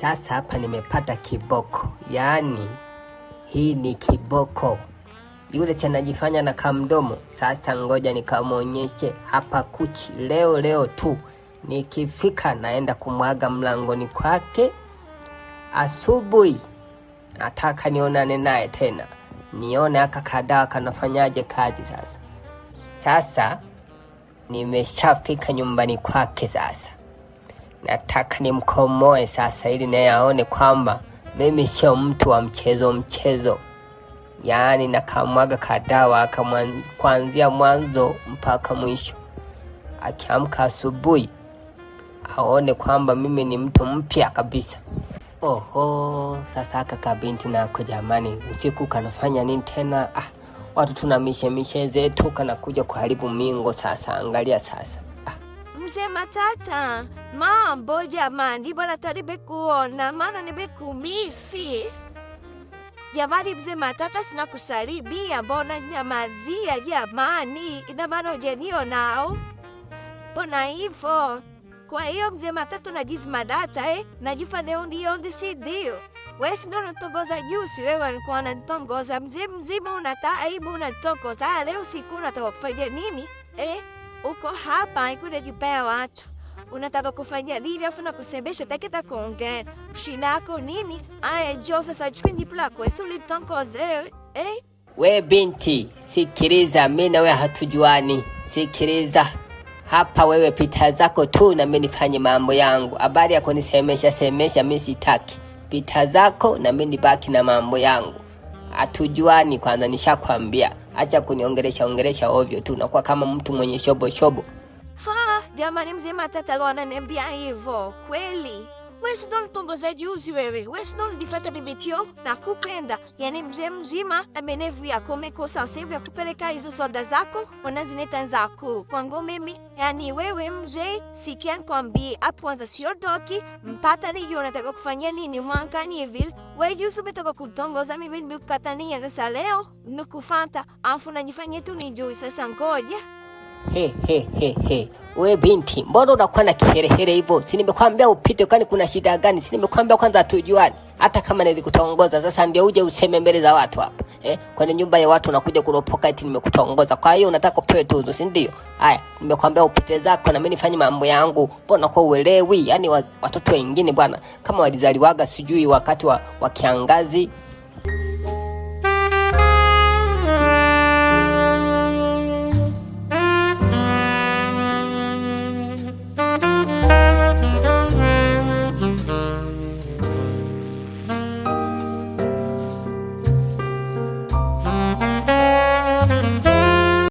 Sasa hapa nimepata kiboko, yaani hii ni kiboko. Yule si anajifanya na kamdomo. Sasa ngoja nikamwonyeshe hapa kuchi, leo leo tu nikifika naenda kumwaga mlangoni kwake. Asubuhi nataka nionane naye tena, nione aka kadaa kanafanyaje kazi. Sasa sasa nimeshafika nyumbani kwake sasa nataka nimkomoe sasa, ili naye aone kwamba mimi sio mtu wa mchezo mchezo. Yaani nakamwaga kadawa kuanzia mwanzo mpaka mwisho. Akiamka asubuhi aone kwamba mimi ni mtu mpya kabisa. Oho, sasa aka kabinti nako jamani, usiku kanafanya nini tena? Ah, watu tuna mishemishe zetu, kanakuja kuharibu mingo. Sasa angalia sasa Mzee Matata, mambo jamani, bwana tari bekuona, maana nibekumisi jamani. Mzee Matata, sina kusalimia, mbona nyamazia jamani? Ina maana nao mbona hivo Kwa hiyo Mzee Matata najizimadata eh? najifa neundiondi sindio? We sindo natongoza jusi, wewe walikuwa wanatongoza mzee mzima, unata aibu, unatokoza leo siku unataka nini eh? uko hapa ikuda jubea watu unataka kufanya dili afu na kusembesha taketa shina mshinako nini aya jose sasa chipindi plako sulitonkoze eh? We binti, sikiliza, mimi na hatujuani. Sikiliza hapa, wewe pita zako tu na mimi nifanye mambo yangu. Habari ya kunisemesha semesha mimi sitaki, pita zako na mimi nibaki na mambo yangu. Hatujuani kwanza, nishakwambia. Acha kuniongelesha ongelesha ovyo tu, nakuwa kama mtu mwenye shobo shobo. fa jamani mzima hata leo ananiambia hivyo kweli. Wewe mtongozaji uzi wewe, wewe ulifuata bibi tio na kupenda, yani mzee mzima amenevu yako umekosa sehemu ya kupeleka hizo soda zako unazineta zako kwangu mimi. Yani wewe mzee, sikia nikwambie, hapo anza sio doki mpata nijue unataka kufanyia nini mwangani vile Wejuzi umetoka kutongoza mimi nimekukatania, sasa leo nimekufata, afu najifanyia tu nijui. Sasa ngoja He, he, he, he. We binti, mbona unakuwa na kiherehere hivyo? Si nimekwambia upite, kwani kuna shida gani? Si nimekwambia kwanza tujuane. Hata kama nilikutongoza sasa ndio uje useme mbele za watu hapa. Eh, kwenye nyumba ya watu unakuja kuropoka eti nimekutongoza. Kwa hiyo unataka upewe tuzo, si ndio? Haya, nimekwambia upite zako na mimi nifanye mambo yangu. Mbona kwa uelewi? Yaani watoto wengine bwana, kama walizaliwaga sijui wakati wa, wa kiangazi